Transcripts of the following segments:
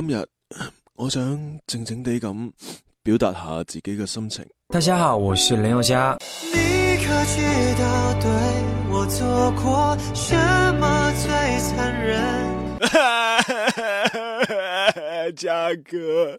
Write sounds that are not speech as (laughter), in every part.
今日我想靜靜地咁表達下自己嘅心情。大家好，我是林宥嘉。你可知道對我做過什麼最殘忍？ (laughs) 扎噶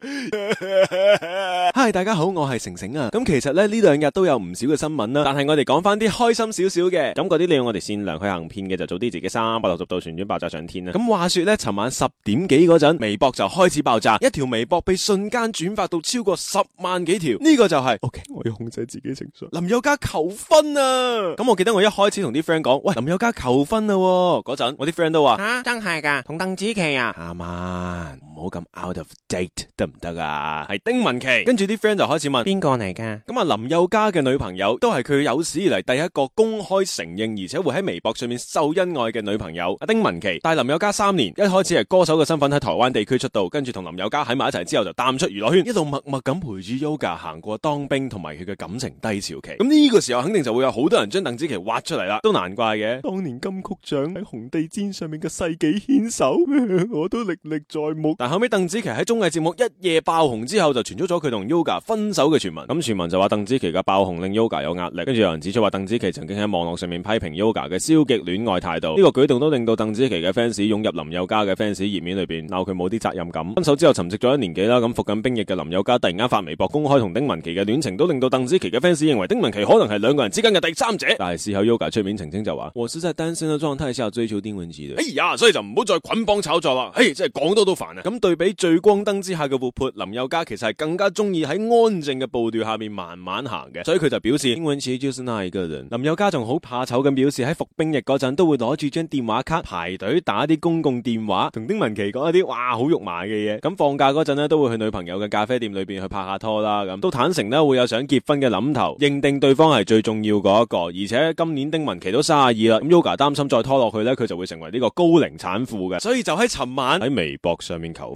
！Hi，大家好，我係成成啊。咁其實呢呢兩日都有唔少嘅新聞啦，但係我哋講翻啲開心少少嘅。咁嗰啲利用我哋善良去行騙嘅，就早啲自己三百六十度旋轉爆炸上天啦。咁話說呢，尋晚十點幾嗰陣，微博就開始爆炸，一條微博被瞬間轉發到超過十萬幾條。呢、這個就係、是、OK，我要控制自己情緒。林宥嘉求婚啊！咁我記得我一開始同啲 friend 講，喂，林宥嘉求婚啦！嗰陣我啲 friend 都話啊，真係噶，同鄧紫棋啊，Come on、啊。咁 out of date 得唔得啊！係丁文琪，跟住啲 friend 就開始問邊個嚟噶？咁啊，林宥嘉嘅女朋友都係佢有史以嚟第一個公開承認，而且會喺微博上面秀恩愛嘅女朋友。阿丁文琪大林宥嘉三年，一開始係歌手嘅身份喺台灣地區出道，跟住同林宥嘉喺埋一齊之後就淡出娛樂圈，一路默默咁陪住 Yoga 行過當兵同埋佢嘅感情低潮期。咁呢個時候肯定就會有好多人將鄧紫棋挖出嚟啦，都難怪嘅。當年金曲獎喺紅地氈上面嘅世紀牽手， (laughs) 我都歷歷在目。後尾鄧紫棋喺綜藝節目一夜爆紅之後，就傳咗咗佢同 Yoga 分手嘅傳聞。咁傳聞就話鄧紫棋嘅爆紅令 Yoga 有壓力。跟住有人指出話，鄧紫棋曾經喺網絡上面批評 Yoga 嘅消極戀愛態度，呢個舉動都令到鄧紫棋嘅 fans 湧入林宥嘉嘅 fans 頁面裏邊鬧佢冇啲責任感。分手之後沉寂咗一年幾啦，咁服緊兵役嘅林宥嘉突然間發微博公開同丁文琪嘅戀情，都令到鄧紫棋嘅 fans 認為丁文琪可能係兩個人之間嘅第三者。但係事後 Yoga 出面澄清就話：我係喺單身嘅狀態下追求丁文琪。哎呀，所以就唔好再捆綁炒作啦。哎，真係講多都煩啊。咁對比聚光燈之下嘅活潑，林宥嘉其實係更加中意喺安靜嘅步調下面慢慢行嘅，所以佢就表示。English, 林宥嘉仲好怕醜咁，表示喺服兵役嗰陣都會攞住張電話卡排隊打啲公共電話，同丁文琪講一啲哇好肉麻嘅嘢。咁放假嗰陣呢，都會去女朋友嘅咖啡店裏邊去拍下拖啦。咁都坦誠咧會有想結婚嘅諗頭，認定對方係最重要嗰一個。而且今年丁文琪都卅二啦，咁 Yoga 擔心再拖落去呢，佢就會成為呢個高齡產婦嘅。所以就喺尋晚喺微博上面求。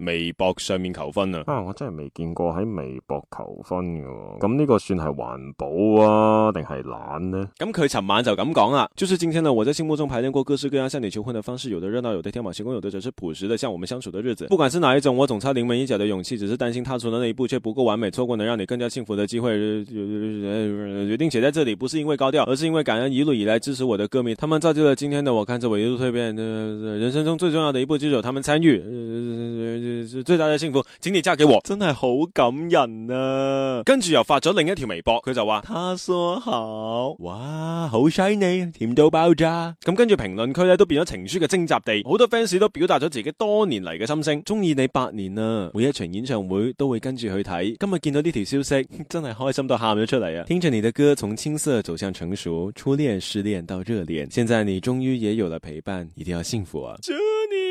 微博上面求婚啊，啊！啊，我真係未見過喺微博求婚嘅，咁呢個算係環保啊，定係懶呢？咁佢尋晚就咁講啦，就是今天呢，我在心目中排練過各式各樣向你求婚的方式，有的熱鬧，有的天馬行空，有的只是樸實的向我們相處的日子。不管是哪一種，我總差臨門一腳的勇氣，只是擔心踏出那一步卻不夠完美，錯過能讓你更加幸福的機會，決定寫在這裏，不是因為高調，而是因為感恩一路以來支持我的歌迷，他們造就了今天的我，看着我一路蛻變，人生中最重要的一步就有他們參與。最大嘅幸福，整你揸幾鑊、啊，真係好感人啊！跟住又發咗另一條微博，佢就話：他說好，哇，好犀利，甜到爆炸！咁跟住評論區咧都變咗情書嘅徵集地，好多 fans 都表達咗自己多年嚟嘅心聲，中意你八年啊。每一場演唱會都會跟住去睇。今日見到呢條消息，真係開心到喊咗出嚟啊！聽着你嘅歌，從青澀走向成熟，初戀失戀到熱戀，現在你終於也有了陪伴，一定要幸福啊！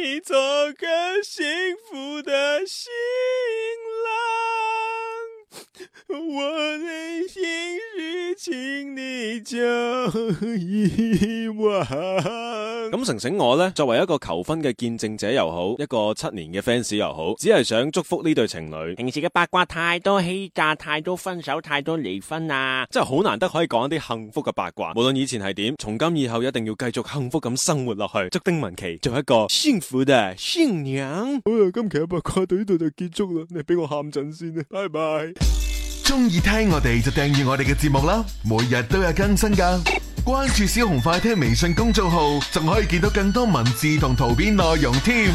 你做個幸福的新郎，我的。咁成成我呢，作為一個求婚嘅見證者又好，一個七年嘅 fans 又好，只係想祝福呢對情侶。平時嘅八卦太多，欺詐太多，分手太多，離婚啊，真係好難得可以講一啲幸福嘅八卦。無論以前係點，從今以後一定要繼續幸福咁生活落去。祝丁文琪做一個幸福的新娘。好啦，今期嘅八卦到呢度就結束啦。你俾我喊陣先啦，拜拜。中意聽我哋就訂閱我哋嘅節目啦，每日都有更新噶。關注小熊快聽微信公眾號，仲可以見到更多文字同圖片內容添。